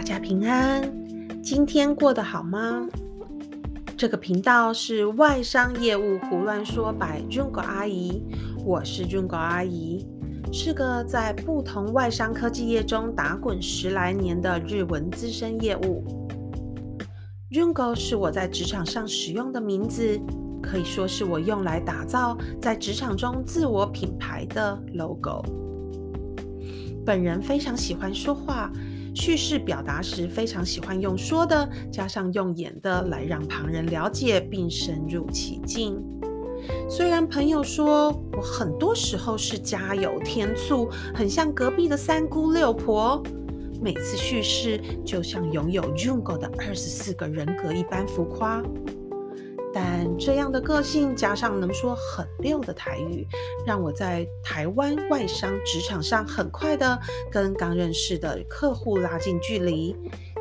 大家平安，今天過得好嗎？這個頻道是外商業務胡亂說，by Junko 阿姨。我是 Junko 阿姨，是個在不同外商科技業中打滾十來年的日文資深業務。Junko 是我在職場上使用的名字，可以說是我用來打造在職場中自我品牌的 logo。本人非常喜歡說話。敘事表達時，非常喜歡用說的加上用演的來讓旁人了解並深入其境。雖然朋友說我很多時候是加油添醋，很像隔壁的三姑六婆，每次敘事就像擁有 Junko 的二十四個人格一般浮誇。但這樣的個性加上能說很溜的台語，讓我在台灣外商職場上很快的跟剛認識的客戶拉近距離，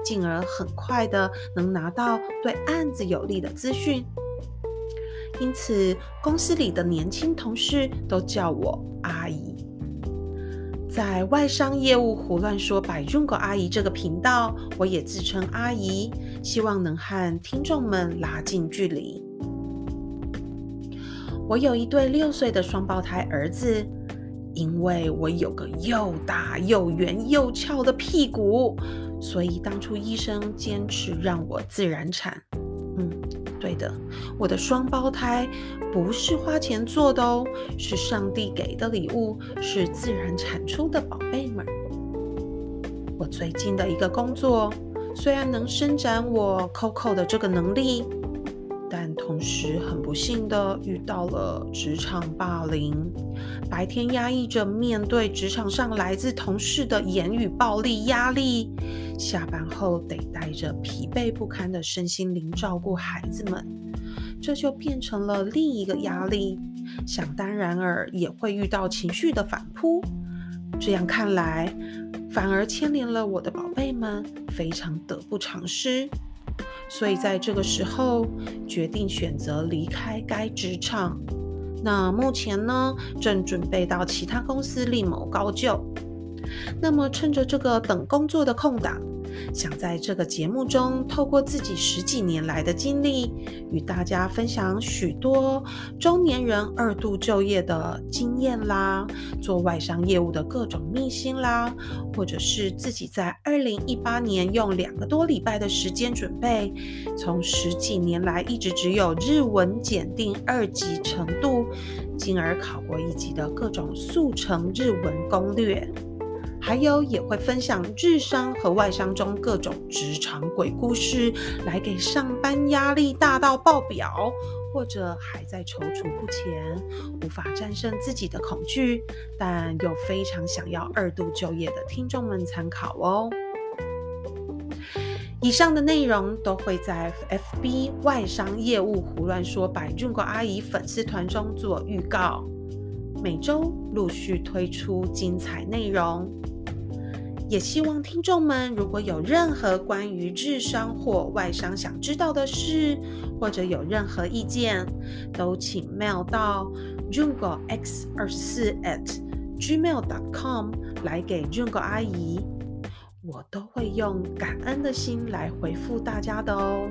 進而很快的能拿到對案子有利的資訊。因此，公司裡的年輕同事都叫我阿姨。在外商業務胡亂說，By Junko 阿姨這個頻道，我也自稱阿姨，希望能和聽眾們拉近距離。我有一對六歲的雙胞胎兒子，因為我有個又大又圓又翹的屁股，所以當初醫生堅持讓我自然產。嗯。對的，我的雙胞胎不是花錢做的哦，是上帝給的禮物，是自然產出的寶貝們。我最近的一個工作，雖然能伸展我 Coco 的這個能力。但同時很不幸的遇到了職場霸凌，白天壓抑着面對職場上來自同事的言語暴力壓力，下班後得帶着疲憊不堪的身心靈照顧孩子們，這就變成了另一個壓力，想當然爾也會遇到情緒的反撲。這樣看來，反而牽連了我的寶貝們，非常得不償失。所以在這個時候，決定選擇離開該職場。那目前呢，正準備到其他公司另謀高就。那麼趁着這個等工作的空檔。想在這個節目中，透過自己十幾年來的經歷，與大家分享許多中年人二度就業的經驗啦，做外商業務的各種秘辛啦，或者是自己在二零一八年用兩個多禮拜的時間準備，從十幾年來一直只有日文檢定二級程度，進而考過一級的各種速成日文攻略。還有也會分享日商和外商中各種職場鬼故事，來給上班壓力大到爆表，或者還在躊躇不前、無法戰勝自己的恐懼，但又非常想要二度就業的聽眾們參考哦。以上的內容都會在 FB 外商業務胡亂說 By Junko 阿姨粉絲團中做預告。每週陸續推出精彩內容，也希望聽眾們如果有任何關於日商或外商想知道的事，或者有任何意見，都請 mail 到 junkox 二十四 at gmail dot com 來給 Junko 阿姨，我都會用感恩的心來回復大家的哦。